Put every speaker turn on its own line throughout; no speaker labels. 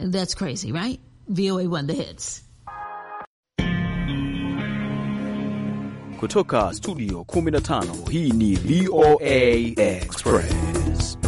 That's crazy, right? VOA won the hits.
Kutoka studio 15 hii ni VOA Express.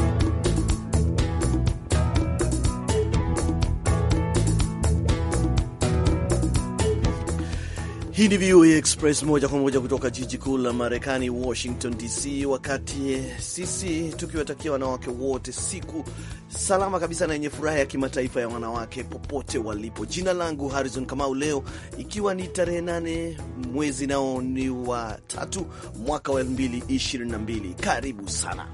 Hii ni VOA Express moja kwa moja kutoka jiji kuu la Marekani, Washington DC, wakati sisi tukiwatakia wanawake wote siku salama kabisa na yenye furaha ya kimataifa ya wanawake popote walipo. Jina langu Harrison Kamau, leo ikiwa ni tarehe nane mwezi nao ni wa tatu mwaka wa 222 Karibu sana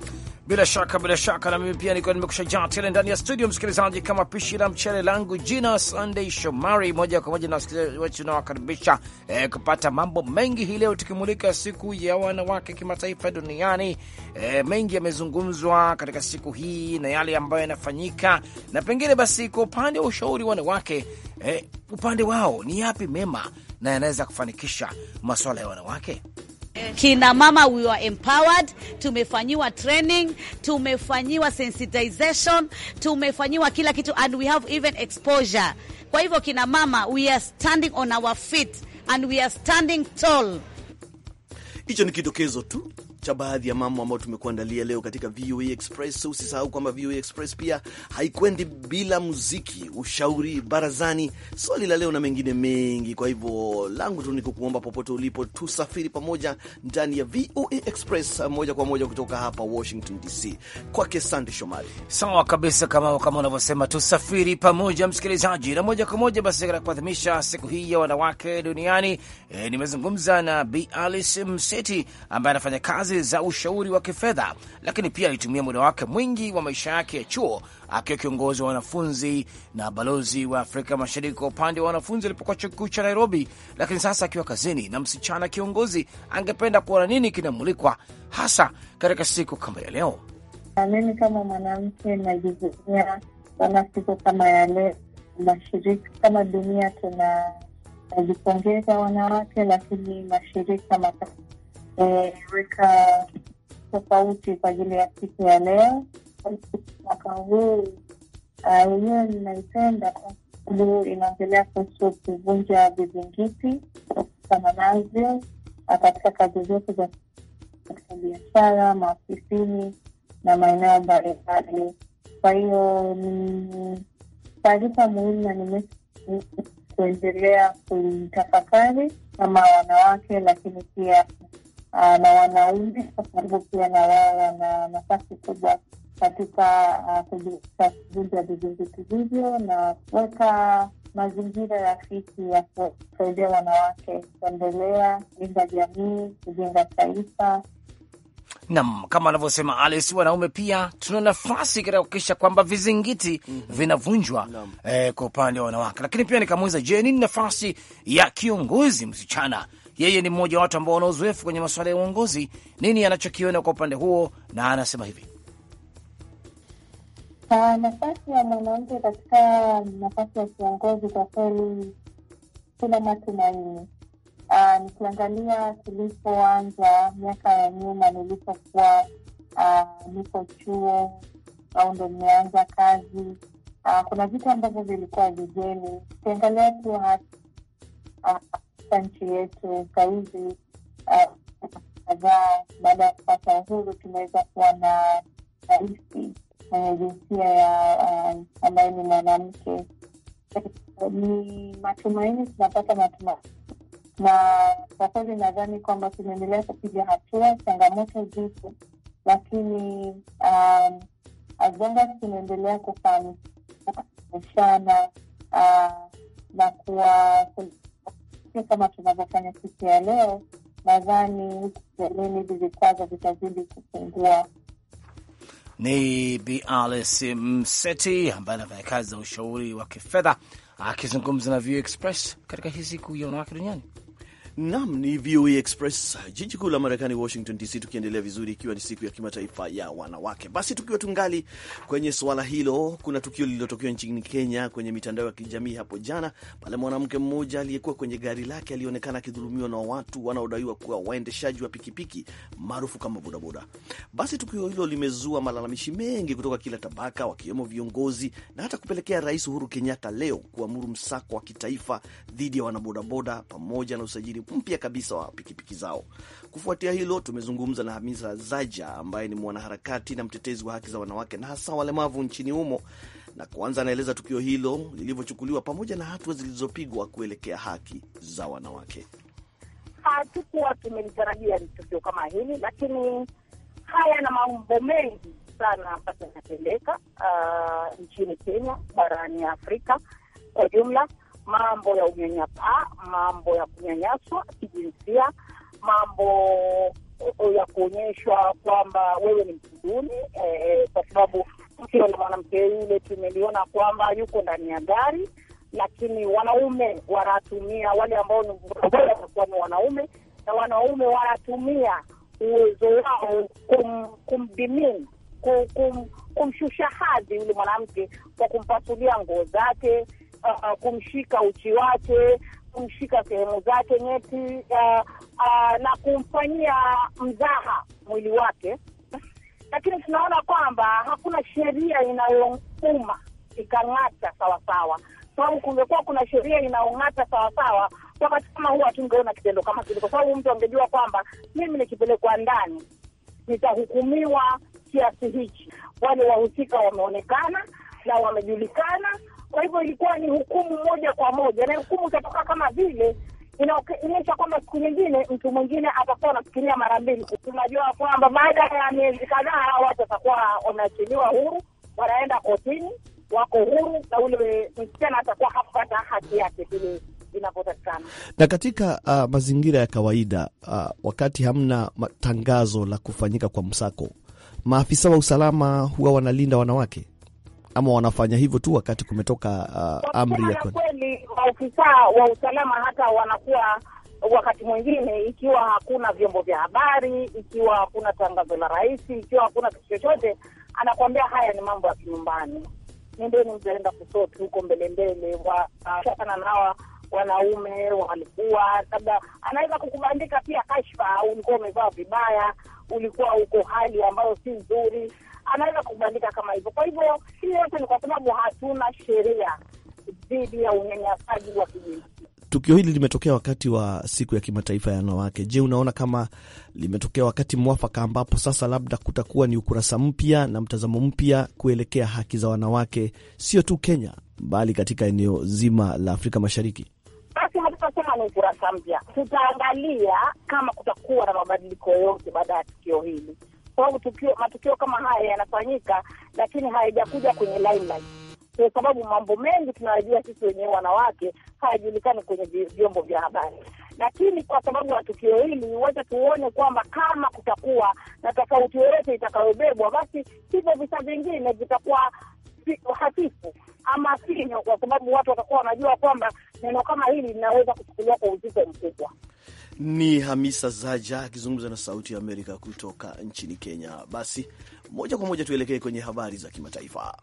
bila shaka bila shaka, na mimi pia nimekusha jaa tele ndani ya studio, msikilizaji, kama pishi la mchele langu. Jina Sunday Shomari, moja kwa moja na wasikilizaji wetu nawakaribisha eh, kupata mambo mengi hii leo, tukimulika siku ya wanawake kimataifa duniani. Eh, mengi yamezungumzwa katika siku hii na yale ambayo yanafanyika, na pengine basi kwa upande wa ushauri wanawake, eh, upande wao ni yapi mema na yanaweza kufanikisha masuala ya wanawake.
Kina mama we are empowered, tumefanyiwa training, tumefanyiwa sensitization, tumefanyiwa kila kitu and we have even exposure. Kwa hivyo kina mama we are standing on our feet and we are standing tall.
Hicho ni kidokezo tu cha baadhi ya mambo ambayo tumekuandalia leo katika VOA Express. Usisahau kwamba VOA Express pia haikwendi bila muziki, ushauri barazani, swali la leo na mengine mengi. Kwa hivyo langu tu nikukuomba popote ulipo, tusafiri pamoja ndani ya VOA Express moja kwa moja kutoka hapa
Washington DC, kwake Sande Shomari. Sawa kabisa, kama kama unavyosema tusafiri pamoja, msikilizaji, na moja kwa moja basi katika kuadhimisha siku hii ya wanawake duniani, e, nimezungumza na Bi Alice Mseti ambaye anafanya kazi kazi za ushauri wa kifedha, lakini pia alitumia muda wake mwingi wa maisha yake ya chuo akiwa kiongozi wa wanafunzi na balozi wa Afrika Mashariki kwa upande wa wanafunzi alipokuwa chuo kikuu cha Nairobi. Lakini sasa akiwa kazini na msichana kiongozi, angependa kuona nini kinamulikwa hasa katika siku kama ya leo?
Mimi kama mwanamke najivunia sana siku kama ya leo. Mashirika kama dunia tunajipongeza wanawake, lakini mashirika imeweka tofauti kwa ajili ya siku ya leo mwaka huu. Ah, yenyewe ninaipenda kwa sababu inaongelea kuhusu kuvunja vizingiti kukutana navyo katika kazi zote za katika biashara, maofisini na maeneo mbalimbali. Kwa hiyo ni taarifa muhimu na nime kuendelea kuitafakari kama wanawake, lakini pia Ah, na wanaume, kwa sababu pia na wao wana nafasi kubwa katika ah, kujiuza vya vizuizi hivyo na kuweka mazingira rafiki ya kusaidia wanawake kuendelea kujenga jamii, kujenga taifa.
Nam, kama anavyosema Alex, wanaume pia tuna nafasi katika kuhakikisha kwamba vizingiti mm -hmm. vinavunjwa eh, kwa upande wa wanawake. Lakini pia nikamuuliza, je, nini nafasi ya kiongozi msichana yeye ni mmoja wa watu ambao wana uzoefu kwenye masuala ya uongozi. Nini anachokiona kwa upande huo? Na anasema hivi
ah, nafasi ya mwanamke katika nafasi ya kiongozi kwa kweli kuna matumaini. Ah, nikiangalia tulipoanza miaka ya nyuma, nilipokuwa ah, niko chuo au ndo nimeanza kazi, kuna vitu ambavyo vilikuwa vigeni. Ukiangalia tu katika nchi yetu sahizi eh, kadhaa, baada ya kupata uhuru, tumeweza kuwa na raisi mwenye jinsia ya eh, ambaye ni mwanamke. Ni matumaini, tunapata matumaini na kwa kweli nadhani kwamba tunaendelea kupiga hatua. Changamoto zipo, lakini um, tunaendelea kufahamishana uh, na kuwa sio kama tunavyofanya siku ya leo. Nadhani mbeleni hivi vikwazo vitazidi kupungua.
Ni Bi Alice Mseti ambaye anafanya kazi za ushauri wa kifedha akizungumza na View Express katika hii siku ya wanawake duniani. Nam
ni VOA Express, jiji kuu la Marekani, Washington DC, tukiendelea vizuri, ikiwa ni siku ya kimataifa ya wanawake. Basi tukiwa tungali kwenye suala hilo, kuna tukio lililotokea nchini Kenya kwenye mitandao ya kijamii hapo jana, pale mwanamke mmoja aliyekuwa kwenye gari lake alionekana akidhulumiwa na watu wanaodaiwa kuwa waendeshaji wa pikipiki maarufu kama bodaboda. Basi tukio hilo limezua malalamishi mengi kutoka kila tabaka, wakiwemo viongozi na hata kupelekea Rais Uhuru Kenyatta leo kuamuru msako wa kitaifa dhidi ya wanabodaboda pamoja na usajili mpya kabisa wa pikipiki zao. Kufuatia hilo, tumezungumza na Hamisa Zaja ambaye ni mwanaharakati na mtetezi wa haki za wanawake na hasa walemavu nchini humo, na kwanza anaeleza tukio hilo lilivyochukuliwa pamoja na hatua zilizopigwa kuelekea haki za wanawake.
Hatukuwa tumelitarajia tukio kama hili, lakini haya na mambo mengi sana ambayo yanatendeka uh, nchini Kenya, barani Afrika kwa jumla mambo ya unyanyapaa, mambo ya kunyanyaswa kijinsia, mambo ya kuonyeshwa kwamba wewe ni mtu duni, e, e, kwa eh, sababu mkio na mwanamke yule tumeliona kwamba yuko ndani ya gari, lakini wanaume wanatumia wale ambao watakuwa ni wanaume na wanaume wanatumia uwezo wao kumdimin kum kumshusha kum hadhi yule mwanamke kwa kumpasulia nguo zake Uh, uh, kumshika uchi wake, kumshika sehemu zake nyeti uh, uh, na kumfanyia mzaha mwili wake, lakini tunaona kwamba hakuna sheria inayouma ikang'ata sawasawa, sababu kungekuwa kuna sheria inayongata sawasawa wakati kama huwa hatungeona kitendo kama kile, kwa sababu mtu angejua kwamba mimi nikipelekwa ndani nitahukumiwa kiasi hichi. Wale wahusika wameonekana na wamejulikana, kwa hivyo ilikuwa ni hukumu moja kwa moja, na hukumu itatoka kama vile inaonyesha kwamba siku nyingine mtu mwingine atakuwa anafikiria mara mbili. Tunajua kwamba baada ya miezi kadhaa watu watakuwa wameachiliwa huru, wanaenda kotini, wako huru, na ule msichana atakuwa hakupata haki yake vile inavyotakikana.
Na katika uh, mazingira ya kawaida uh, wakati hamna tangazo la kufanyika kwa msako, maafisa wa usalama huwa wanalinda wanawake ama wanafanya hivyo tu wakati kumetoka uh, amri ya
kweli. Maofisa wa usalama hata wanakuwa wakati mwingine, ikiwa hakuna vyombo vya habari, ikiwa hakuna tangazo la rais, ikiwa hakuna kitu chochote, anakuambia haya ni mambo ya kinyumbani, nendeni mtaenda kusoti huko mbele mbele, uh, nawa wanaume walikuwa labda, anaweza kukubandika pia kashfa, ulikuwa umevaa vibaya, ulikuwa uko hali ambayo si nzuri anaweza kukubalika kama hivyo. Kwa hivyo hii yote ni kwa sababu hatuna sheria dhidi ya unyanyasaji wa kijinsia.
Tukio hili limetokea wakati wa siku ya kimataifa ya wanawake. Je, unaona kama limetokea wakati mwafaka ambapo sasa labda kutakuwa ni ukurasa mpya na mtazamo mpya kuelekea haki za wanawake, sio tu Kenya bali katika eneo zima la Afrika Mashariki?
Basi hatutasema ni ukurasa mpya, tutaangalia kama kutakuwa na mabadiliko yoyote baada ya tukio hili sababu tukio, matukio kama haya yanafanyika, lakini hayajakuja kwenye limelight kwa sababu mambo mengi tunayojua sisi wenyewe wanawake, hayajulikani kwenye vyombo vya habari. Lakini kwa sababu ya tukio hili, wote tuone kwamba kama kutakuwa na tofauti yoyote itakayobebwa, basi hivyo visa vingine vitakuwa hafifu ama finyo, kwa sababu watu watakuwa wanajua kwamba neno kama hili linaweza kuchukuliwa kwa uzito mkubwa.
Ni Hamisa Zaja akizungumza na Sauti ya Amerika kutoka nchini Kenya. Basi moja kwa moja tuelekee kwenye habari za kimataifa.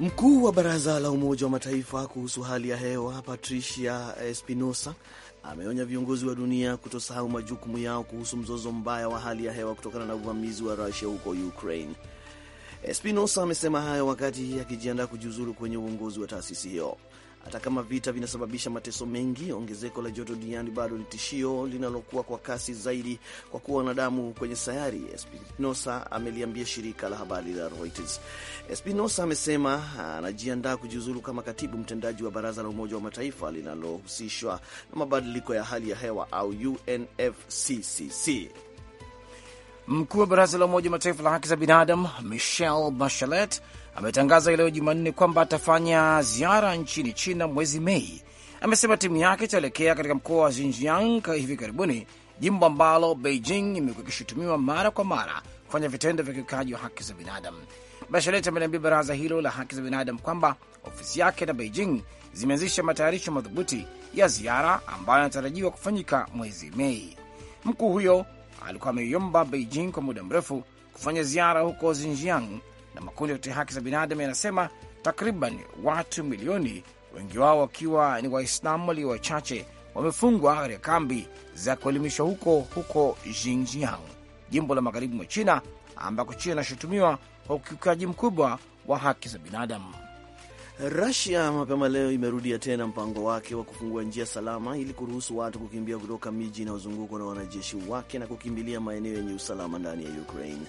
Mkuu wa Baraza la Umoja wa Mataifa kuhusu hali ya hewa Patricia Espinosa ameonya viongozi wa dunia kutosahau majukumu yao kuhusu mzozo mbaya wa hali ya hewa kutokana na uvamizi wa Rusia huko Ukraine. Espinosa amesema hayo wakati akijiandaa kujiuzulu kwenye uongozi wa taasisi hiyo. Hata kama vita vinasababisha mateso mengi, ongezeko la joto duniani bado ni tishio linalokuwa kwa kasi zaidi kwa kuwa wanadamu kwenye sayari, Espinosa ameliambia shirika la habari la Reuters. Espinosa amesema anajiandaa kujiuzulu kama katibu mtendaji wa baraza la Umoja wa Mataifa linalohusishwa
na mabadiliko ya hali ya hewa au UNFCCC. Mkuu wa baraza la Umoja wa Mataifa la haki za binadamu Michelle Bachelet ametangaza leo Jumanne kwamba atafanya ziara nchini China mwezi Mei. Amesema timu yake itaelekea katika mkoa wa Xinjiang hivi karibuni, jimbo ambalo Beijing imekuwa ikishutumiwa mara kwa mara kufanya vitendo vya ukiukaji wa haki za binadamu. Bachelet ameliambia baraza hilo la haki za binadamu kwamba ofisi yake na Beijing zimeanzisha matayarisho madhubuti ya ziara ambayo anatarajiwa kufanyika mwezi Mei. Mkuu huyo alikuwa ameiomba Beijing kwa muda mrefu kufanya ziara huko Xinjiang, na makundi ya kutetea haki za binadamu yanasema takriban watu milioni, wengi wao wakiwa ni Waislamu walio wachache, wamefungwa katika kambi za kuelimishwa huko huko Xinjiang, jimbo la magharibi mwa China, ambako China inashutumiwa kwa ukiukaji mkubwa wa haki za binadamu
rasia mapema leo imerudia tena mpango wake wa kufungua njia salama ili kuruhusu watu kukimbia kutoka miji inayozungukwa na wanajeshi wake na kukimbilia maeneo yenye usalama ndani ya Ukraine.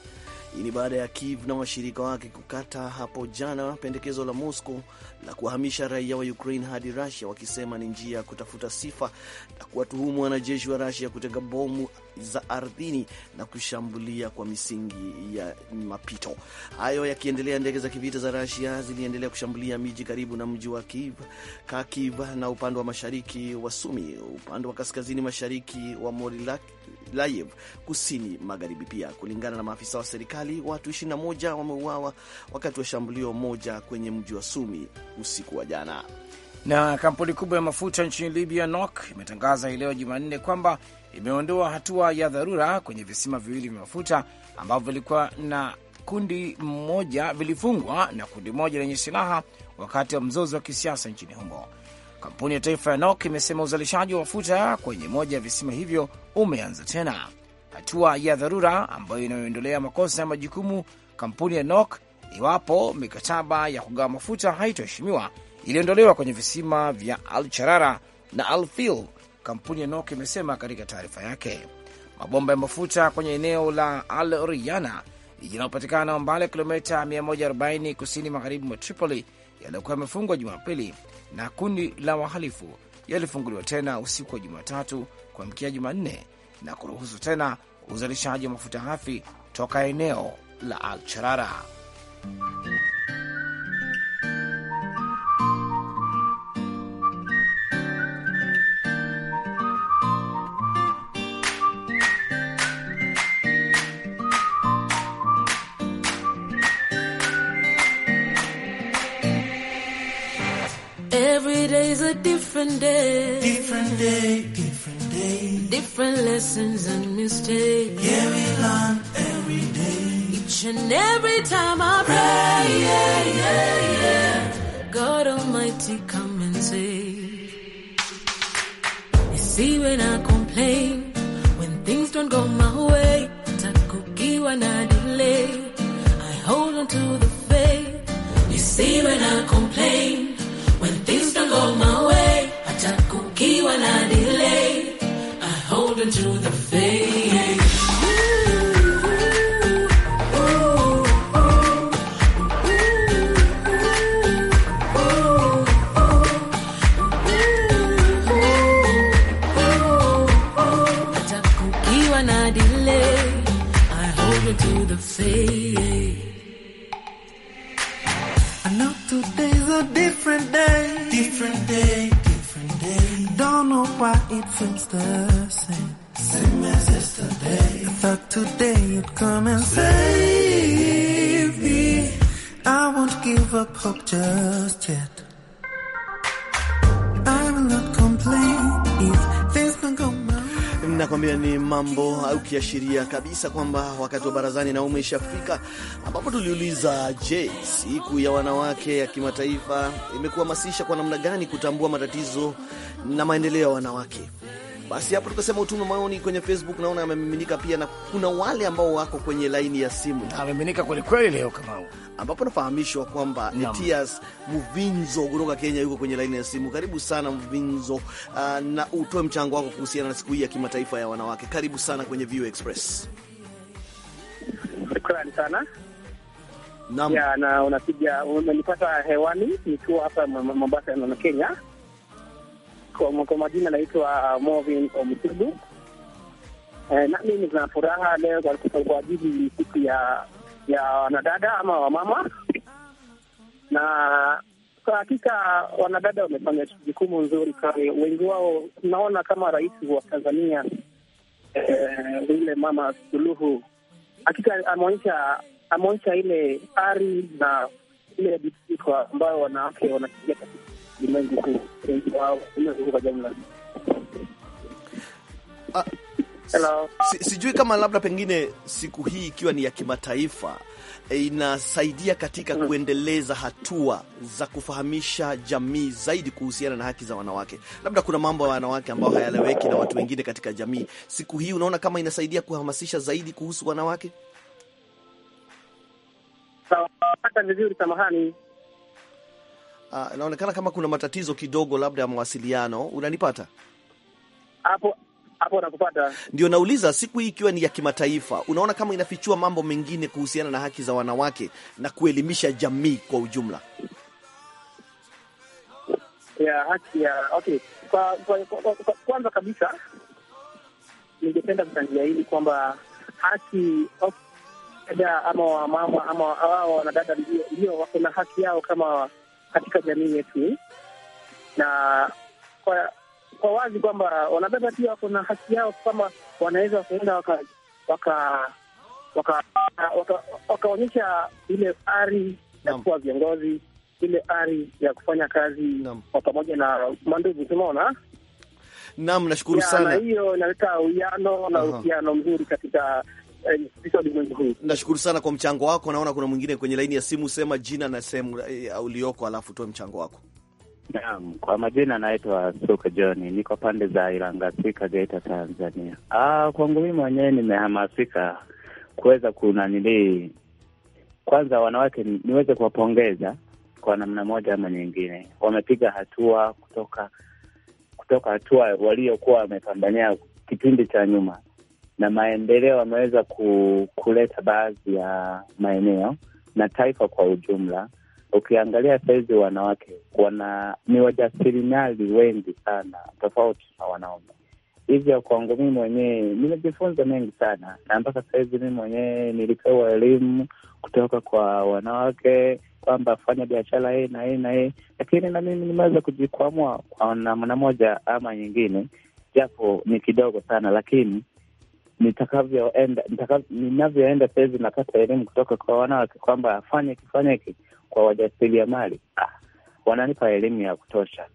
Hii ni baada ya Kiev na washirika wake kukata hapo jana pendekezo la Moscow la kuwahamisha raia wa Ukraine hadi Russia, wakisema ni njia ya kutafuta sifa na kuwatuhumu wanajeshi wa Russia kutega bomu za ardhini na kushambulia kwa misingi ya mapito. Hayo yakiendelea, ndege za kivita za Russia ziliendelea kushambulia miji karibu na mji wa Kiev, Kharkiv na upande wa mashariki wa Sumi, upande wa kaskazini mashariki wa Morilak Layev kusini magharibi. Pia kulingana na maafisa wa serikali, watu 21 wameuawa wakati wa shambulio moja kwenye mji wa Sumi usiku wa jana.
Na kampuni kubwa ya mafuta nchini Libya NOC imetangaza hii leo Jumanne kwamba imeondoa hatua ya dharura kwenye visima viwili vya mafuta ambavyo vilikuwa na kundi moja vilifungwa na kundi moja lenye silaha wakati wa mzozo wa kisiasa nchini humo. Kampuni ya taifa ya NOC imesema uzalishaji wa mafuta kwenye moja ya visima hivyo umeanza tena. Hatua ya dharura ambayo inayoendelea makosa ya majukumu kampuni ya NOC iwapo mikataba ya kugawa mafuta haitoheshimiwa iliondolewa kwenye visima vya Al Charara na Al Fil. Kampuni ya NOC imesema katika taarifa yake, mabomba ya mafuta kwenye eneo la Al Riyana linalopatikana umbali kilomita 140 kusini magharibi mwa Tripoli yaliyokuwa yamefungwa Jumapili na kundi la wahalifu yalifunguliwa tena usiku wa Jumatatu kuamkia Jumanne na kuruhusu tena uzalishaji wa mafuta ghafi toka eneo la al Alcharara.
different day, different day, different day, different lessons and mistakes. Yeah, we learn every day, each and every time I pray. Yeah, yeah, yeah. God Almighty, come and save. You see when I complain, when things don't go my way, takukiwa na delay, I hold on to the faith. You see when I complain when things don't go my way ukiwa na delay I hold into the faith I know today's a different day. Different day don't know why it feels the same. Same as yesterday. I thought today you'd come and save me. I won't give up hope just yet.
nakwambia ni mambo au kiashiria kabisa kwamba wakati wa barazani na umeshafika, ambapo tuliuliza, je, siku ya wanawake ya kimataifa imekuhamasisha kwa namna gani kutambua matatizo na maendeleo ya wanawake? Basi hapo tukasema utume maoni kwenye Facebook, naona amemiminika pia, na kuna wale ambao wako kwenye laini ya simu, amemiminika kweli kweli leo Kamau, ambapo nafahamishwa kwamba ni Tias Mvinzo kutoka Kenya, yuko kwenye laini ya simu. Karibu sana Mvinzo, uh, na utoe mchango wako kuhusiana na siku hii ya kimataifa ya wanawake. Karibu sana kwenye View Express. Shukrani sana
naam, na unapiga umenipata hewani nikiwa hapa Mombasa na Kenya. Kwa, kwa majina naitwa uh, Movin Omtudu. E, eh, nami nina furaha leo kwa ajili siku ya ya wanadada ama wamama, na kwa hakika wanadada wamefanya jukumu nzuri, kwa wengi wao naona kama rais wa Tanzania eh, yule e, Mama Suluhu hakika ameonyesha ameonyesha ile ari na ile bidii ambayo wanawake wanakijia katika
Ah, sijui kama labda pengine siku hii ikiwa ni ya kimataifa eh, inasaidia katika hmm. kuendeleza hatua za kufahamisha jamii zaidi kuhusiana na haki za wanawake. Labda kuna mambo ya wanawake ambayo hayaeleweki na watu wengine katika jamii. Siku hii unaona kama inasaidia kuhamasisha zaidi kuhusu wanawake?
hata vizuri, samahani
uh, kama kuna matatizo kidogo labda ya mawasiliano. Unanipata hapo hapo? Nakupata. Ndio nauliza, siku hii ikiwa ni ya kimataifa, unaona kama inafichua mambo mengine kuhusiana na haki za wanawake na kuelimisha jamii kwa ujumla
ya haki ya okay. Kwa, kwa, kwa, kwa, kwa, kwanza kabisa ningependa kuchangia hili kwamba haki dada ama wamama ama wao wanadada ndio wako na haki yao kama katika jamii yetu, na kwa kwa wazi kwamba wanabeba pia wako na haki yao, kwamba wanaweza wakaenda wakaonyesha waka, waka, waka, waka ile ari ya kuwa viongozi, ile ari ya kufanya kazi kwa pamoja na mandugu, tumeona
Naam, nashukuru sana. Hiyo inaleta
uwiano na uhusiano
mzuri katika Nashukuru sana kwa mchango wako. Naona kuna mwingine kwenye laini ya simu, sema jina na sehemu eh, ulioko, alafu toe mchango wako.
Naam, kwa majina naitwa Suka John, niko pande za Ilangasika, Geita, Tanzania. Ah, kwangu mimi mwenyewe nimehamasika kuweza kunanilii, kwanza wanawake niweze kuwapongeza kwa namna moja ama nyingine, wamepiga hatua kutoka kutoka hatua waliokuwa wamepambania kipindi cha nyuma na maendeleo ameweza kuleta baadhi ya maeneo na taifa kwa ujumla. Ukiangalia sahizi wanawake wana ni wajasiriamali wengi sana, tofauti na wanaume. Hivyo kwangu mimi mwenyewe nimejifunza mengi sana, na mpaka sahizi mimi mwenyewe nilipewa elimu kutoka kwa wanawake kwamba fanya biashara hii na hii na hii, lakini na mimi nimeweza kujikwamua kwa namna moja ama nyingine, japo ni kidogo sana, lakini nitakavyoenda ninavyoenda sahizi nakata elimu kutoka kwa wanawake kwamba afanye kifanyeki kwa wajasiriamali ah, wananipa elimu ya kutosha,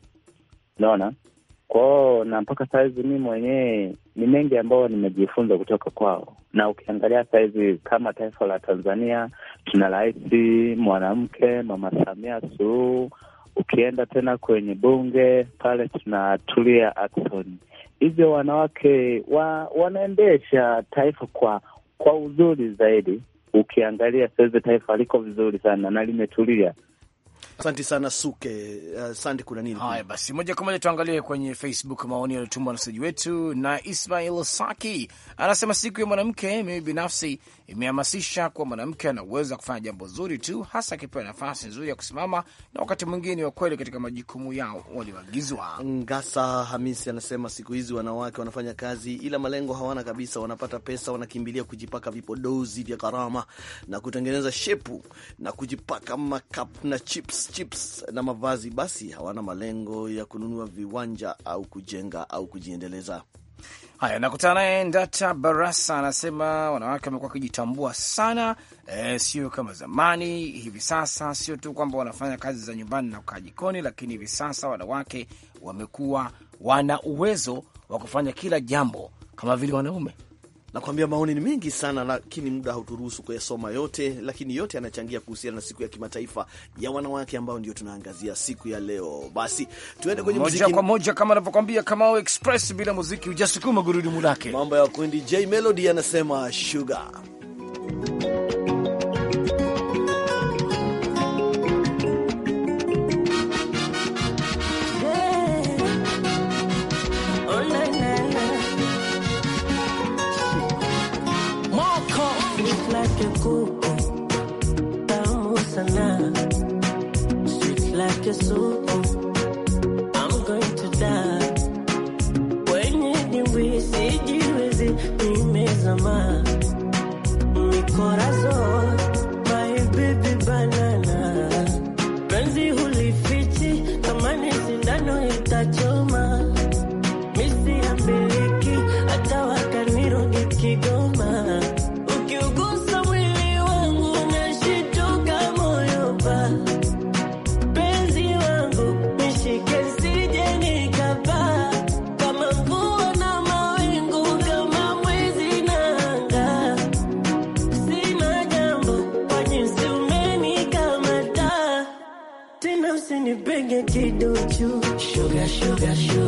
naona kwao, na mpaka sahizi mi mwenyewe ni mengi ambayo nimejifunza kutoka kwao. Na ukiangalia sahizi kama taifa la Tanzania tuna rahisi mwanamke Mama Samia Suluhu, ukienda tena kwenye bunge pale tuna Tulia hivyo wanawake wa, wanaendesha taifa kwa kwa uzuri zaidi. Ukiangalia sahizi taifa liko vizuri sana na limetulia,
Asante sana Suke. Uh, eh, sande, kuna nini? Haya basi, moja kwa moja tuangalie kwenye Facebook maoni yaliyotumwa na saji wetu. Na Ismail Saki anasema siku ya mwanamke, mimi binafsi imehamasisha kuwa mwanamke anaweza kufanya jambo zuri tu, hasa akipewa nafasi nzuri ya kusimama na wakati mwingine wa kweli katika majukumu yao walioagizwa. Ngasa Hamisi
anasema siku hizi wanawake wanafanya kazi ila malengo hawana kabisa, wanapata pesa, wanakimbilia kujipaka vipodozi vya gharama na kutengeneza shepu na kujipaka makeup na chips chips, na mavazi, basi hawana malengo ya kununua viwanja au kujenga
au kujiendeleza. Haya, nakutana naye Ndata Barasa anasema wanawake wamekuwa wakijitambua sana e, sio kama zamani. Hivi sasa sio tu kwamba wanafanya kazi za nyumbani na kukaa jikoni, lakini hivi sasa wanawake wamekuwa wana uwezo wa kufanya kila jambo kama vile wanaume. Nakwambia maoni ni mengi sana,
lakini muda hauturuhusu kuyasoma yote, lakini yote yanachangia kuhusiana na siku ya kimataifa ya wanawake ambao ndio tunaangazia siku ya leo. Basi tuende kwenye muziki kwa
moja, kama anavyokwambia Kamao
Express, bila muziki hujasukuma gurudumu lake. Mambo ya kundi J Melody anasema sugar
Kwenye dimbwi sijiwezi, nimezama Got you.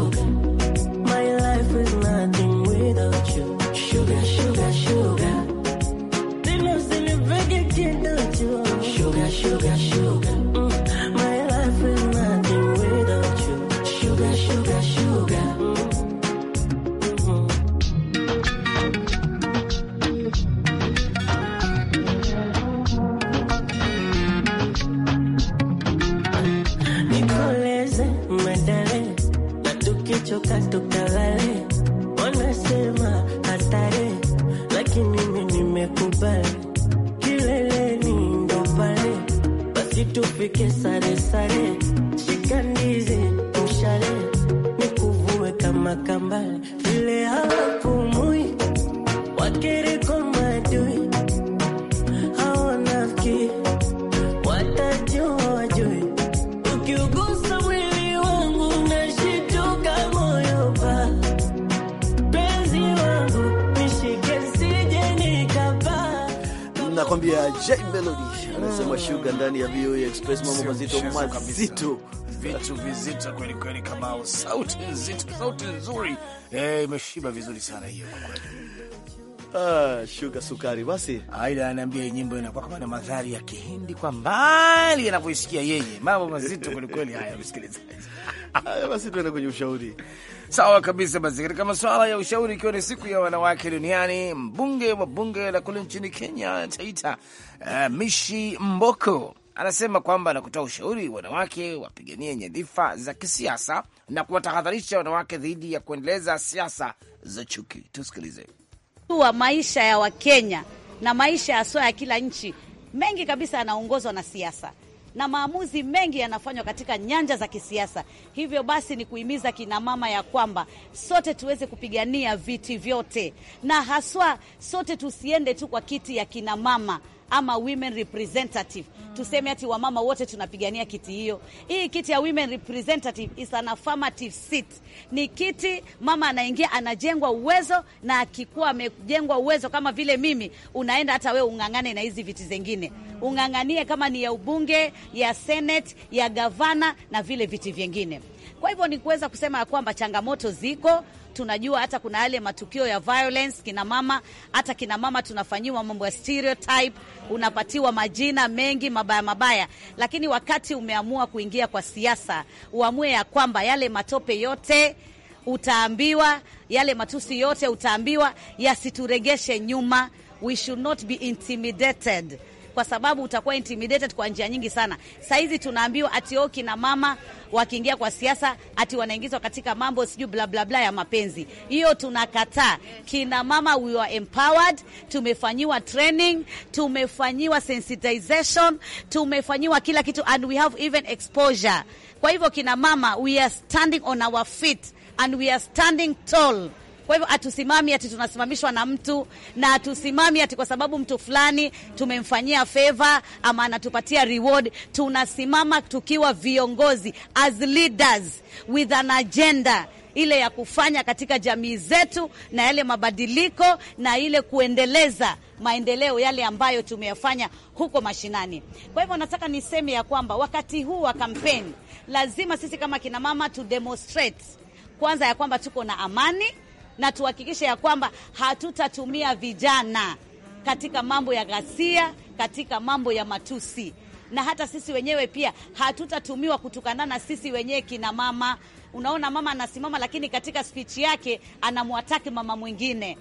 Jay Melody anasema shuga ndani ya VOA e Express, mambo mazito mazito
vitu vizito kweli kweli, kama sauti nzito, sauti nzuri eh, imeshiba vizuri sana hiyo kwa kweli. Ah, shuga sukari basi. Aida anaambia nyimbo inakuwa kama na madhari ya Kihindi kwa mbali anavyoisikia yeye. Mambo mazito kwelikweli. haya msikilizaji. Haya basi tuende kwenye ushauri. Sawa kabisa. Basi katika masuala ya ushauri, ikiwa ni siku ya wanawake duniani, mbunge wa bunge la kule nchini Kenya Taita uh, eh, Mishi Mboko anasema kwamba na kutoa ushauri wanawake wapiganie nyadhifa za kisiasa na kuwatahadharisha wanawake dhidi ya kuendeleza siasa za chuki. Tusikilize.
wa maisha ya Wakenya na maisha ya soa ya kila nchi mengi kabisa yanaongozwa na siasa na maamuzi mengi yanafanywa katika nyanja za kisiasa. Hivyo basi ni kuhimiza kinamama ya kwamba sote tuweze kupigania viti vyote, na haswa sote tusiende tu kwa kiti ya kinamama ama women representative Tuseme ati wamama wote tunapigania kiti hiyo. Hii kiti ya women representative is an affirmative seat, ni kiti mama anaingia, anajengwa uwezo, na akikuwa amejengwa uwezo kama vile mimi, unaenda hata wewe ung'ang'ane na hizi viti zingine Ung'ang'anie kama ni ya ubunge, ya senate, ya gavana na vile viti vingine kwa hivyo ni kuweza kusema ya kwamba changamoto ziko, tunajua hata kuna yale matukio ya violence kina mama, hata kina mama tunafanyiwa mambo ya stereotype, unapatiwa majina mengi mabaya mabaya, lakini wakati umeamua kuingia kwa siasa, uamue ya kwamba yale matope yote utaambiwa, yale matusi yote utaambiwa, yasituregeshe nyuma. We should not be intimidated kwa sababu utakuwa intimidated kwa njia nyingi sana. Saizi tunaambiwa ati o oh, kina mama wakiingia kwa siasa ati wanaingizwa katika mambo sijui bla bla bla ya mapenzi. Hiyo tunakataa. Kina mama we are empowered, tumefanyiwa training, tumefanyiwa sensitization, tumefanyiwa kila kitu and we have even exposure. Kwa hivyo kina mama we are standing on our feet and we are standing tall. Kwa hivyo hatusimami ati tunasimamishwa na mtu, na hatusimami ati kwa sababu mtu fulani tumemfanyia favor ama anatupatia reward. Tunasimama tukiwa viongozi, as leaders with an agenda ile ya kufanya katika jamii zetu na yale mabadiliko na ile kuendeleza maendeleo yale ambayo tumeyafanya huko mashinani. Kwa hivyo nataka niseme ya kwamba wakati huu wa kampeni lazima sisi kama kinamama tu demonstrate kwanza ya kwamba tuko na amani na tuhakikishe ya kwamba hatutatumia vijana katika mambo ya ghasia, katika mambo ya matusi, na hata sisi wenyewe pia hatutatumiwa kutukanana sisi wenyewe kina mama. Unaona, mama anasimama, lakini katika speech yake anamwataki mama mwingine.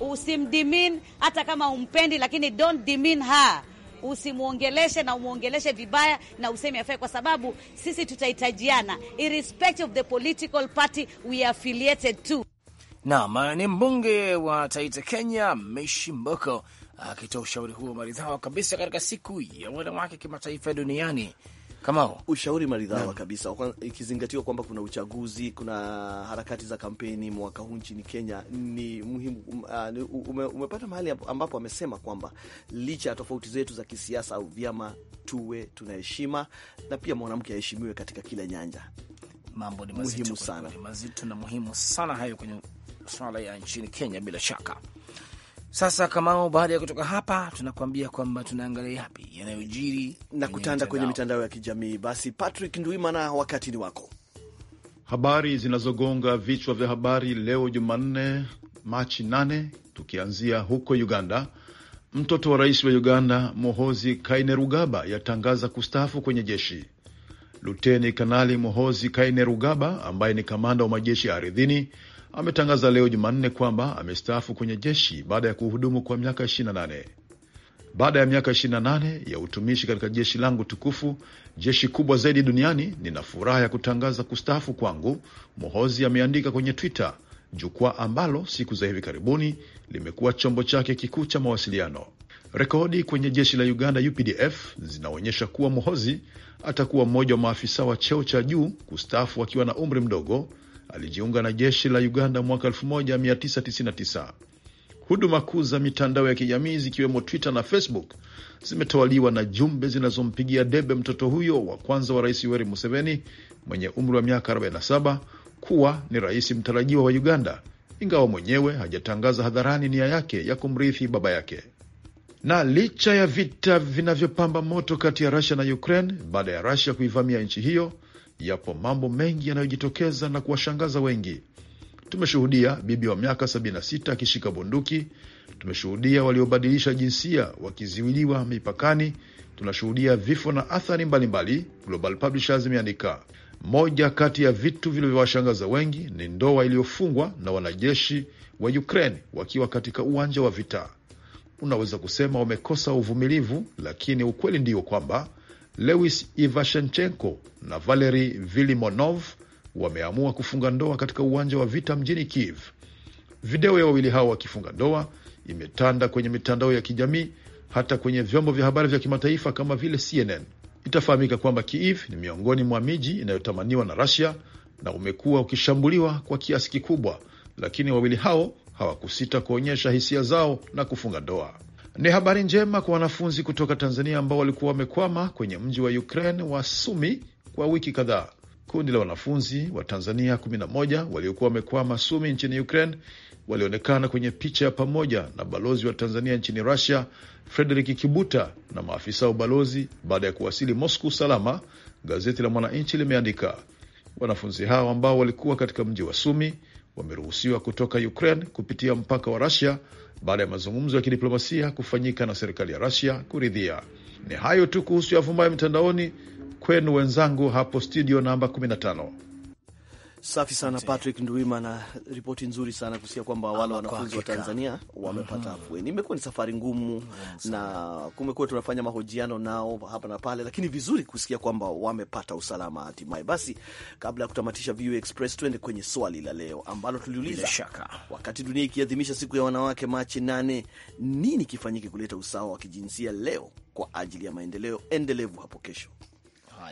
Usimdimin hata kama umpendi, lakini don't demean her Usimwongeleshe na umwongeleshe vibaya na useme afai, kwa sababu sisi tutahitajiana irrespective of the political party we affiliated to.
Naam, eh, ni mbunge wa Taita Kenya, Mishi Mboko akitoa ushauri huo maridhawa kabisa katika siku ya wanawake kimataifa duniani. Kamao,
ushauri maridhawa kabisa, ikizingatiwa kwamba kuna uchaguzi, kuna harakati za kampeni mwaka huu nchini Kenya. Ni muhimu um, uh, ume, umepata mahali ambapo amesema kwamba licha ya tofauti zetu za kisiasa au vyama, tuwe tunaheshima na pia
mwanamke aheshimiwe katika kila nyanja. Mambo ni mazito, muhimu sana, mazito na muhimu sana hayo kwenye maswala ya nchini Kenya bila shaka. Sasa Kamao, baada ya kutoka hapa, tunakuambia kwamba tunaangalia yapi yanayojiri na kutanda kwenye mitandao ya kijamii. Basi
Patrick Ndwimana, wakati ni wako. Habari zinazogonga vichwa vya habari leo Jumanne, Machi 8, tukianzia huko Uganda. Mtoto wa rais wa Uganda Mohozi Kainerugaba yatangaza kustaafu kwenye jeshi. Luteni Kanali Mohozi Kainerugaba ambaye ni kamanda wa majeshi ya ardhini ametangaza leo Jumanne kwamba amestaafu kwenye jeshi baada ya kuhudumu kwa miaka 28. Baada ya miaka 28 ya utumishi katika jeshi langu tukufu, jeshi kubwa zaidi duniani, nina furaha ya kutangaza kustaafu kwangu, Mohozi ameandika kwenye Twitter, jukwaa ambalo siku za hivi karibuni limekuwa chombo chake kikuu cha mawasiliano. Rekodi kwenye jeshi la Uganda UPDF zinaonyesha kuwa Mohozi atakuwa mmoja wa maafisa wa cheo cha juu kustaafu akiwa na umri mdogo, alijiunga na jeshi la Uganda mwaka 1999. Huduma kuu za mitandao ya kijamii zikiwemo Twitter na Facebook zimetawaliwa na jumbe zinazompigia debe mtoto huyo wa kwanza wa Rais Yoweri Museveni mwenye umri wa miaka 47 kuwa ni rais mtarajiwa wa Uganda, ingawa mwenyewe hajatangaza hadharani nia yake ya kumrithi baba yake. Na licha ya vita vinavyopamba moto kati ya Rusia na Ukraine baada ya Rusia kuivamia nchi hiyo, yapo mambo mengi yanayojitokeza na kuwashangaza wengi. Tumeshuhudia bibi wa miaka 76 akishika bunduki, tumeshuhudia waliobadilisha jinsia wakiziwiliwa mipakani, tunashuhudia vifo na athari mbalimbali. Global Publishers imeandika moja kati ya vitu vilivyowashangaza wengi ni ndoa iliyofungwa na wanajeshi wa Ukraine wakiwa katika uwanja wa vita. Unaweza kusema wamekosa uvumilivu, lakini ukweli ndiyo kwamba Lewis Ivashenchenko na Valery Vilimonov wameamua kufunga ndoa katika uwanja wa vita mjini Kiev. Video ya wawili hao wakifunga ndoa imetanda kwenye mitandao ya kijamii, hata kwenye vyombo vya habari vya kimataifa kama vile CNN. Itafahamika kwamba Kiev ni miongoni mwa miji inayotamaniwa na rasia na umekuwa ukishambuliwa kwa kiasi kikubwa, lakini wawili hao hawakusita kuonyesha hisia zao na kufunga ndoa. Ni habari njema kwa wanafunzi kutoka Tanzania ambao walikuwa wamekwama kwenye mji wa Ukraine wa Sumi kwa wiki kadhaa. Kundi la wanafunzi wa Tanzania 11 waliokuwa wamekwama Sumi nchini Ukraine walionekana kwenye picha ya pamoja na balozi wa Tanzania nchini Russia Frederick Kibuta na maafisa wa ubalozi baada ya kuwasili Moscow salama, gazeti la Mwananchi limeandika. Wanafunzi hao ambao walikuwa katika mji wa Sumi wameruhusiwa kutoka Ukraine kupitia mpaka wa Rusia baada ya mazungumzo ya kidiplomasia kufanyika na serikali ya Rusia kuridhia. Ni hayo tu kuhusu yavumayo mtandaoni kwenu wenzangu hapo studio namba 15.
Safi sana Patrick Nduima, na ripoti nzuri sana kusikia kwamba wale wanafunzi wa Tanzania mm-hmm. wamepata afueni. Imekuwa ni safari ngumu na kumekuwa tunafanya mahojiano nao hapa na pale, lakini vizuri kusikia kwamba wamepata usalama hatimaye. Basi kabla ya kutamatisha VU Express, tuende kwenye swali la leo ambalo tuliuliza wakati dunia ikiadhimisha siku ya wanawake Machi nane, nini kifanyike kuleta usawa wa kijinsia leo kwa ajili ya maendeleo endelevu hapo kesho?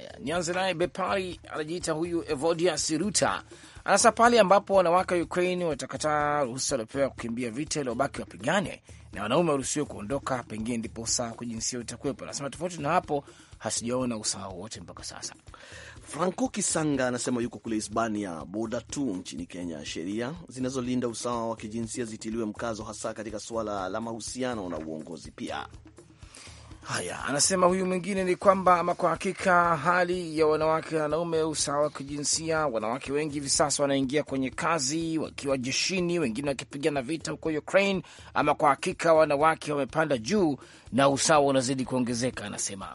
Haya, nianze naye Bepari, anajiita huyu Evodia Siruta, anasa pale ambapo wanawake wa Ukraine watakataa ruhusa waliopewa kukimbia vita, iliobaki wapigane na wanaume waruhusiwe kuondoka, pengine ndipo usawa kwa jinsia utakuwepo. Anasema tofauti na hapo hasijaona usawa wowote mpaka sasa.
Franco Kisanga anasema yuko kule Hispania, boda tu nchini Kenya. Sheria zinazolinda usawa wa kijinsia zitiliwe mkazo, hasa katika suala la mahusiano na uongozi pia.
Haya, anasema huyu mwingine ni kwamba ama kwa hakika hali ya wanawake na wanaume usawa wa kijinsia, wanawake wengi hivi sasa wanaingia kwenye kazi wakiwa jeshini, wengine wakipigana vita huko Ukraine. Ama kwa hakika wanawake wamepanda juu na usawa unazidi kuongezeka, anasema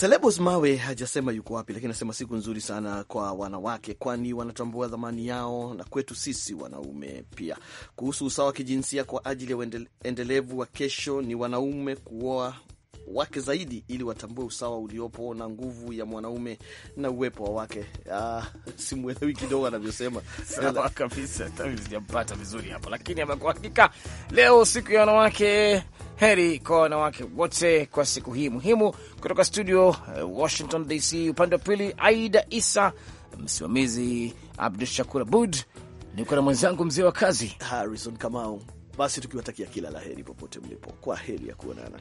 Celebos Mawe hajasema yuko wapi,
lakini anasema siku nzuri sana kwa wanawake, kwani wanatambua dhamani yao na kwetu sisi wanaume pia. Kuhusu usawa wa kijinsia kwa ajili ya uendelevu wa kesho, ni wanaume kuoa wake zaidi ili watambue usawa uliopo na nguvu ya mwanaume
na uwepo wa wake. Ah, simwelewi kidogo anavyosema. Sawa kabisa, sijampata vizuri hapo, lakini amekuwa hakika. Leo siku ya wanawake, heri kwa wanawake wote kwa siku hii muhimu. Kutoka studio eh, Washington DC, upande wa pili Aida Isa, msimamizi Abdu Shakur Abud, niko na mwenzangu mzee wa kazi Harrison Kamau. Basi tukiwatakia kila la heri popote mlipo, kwa heri ya
kuonana.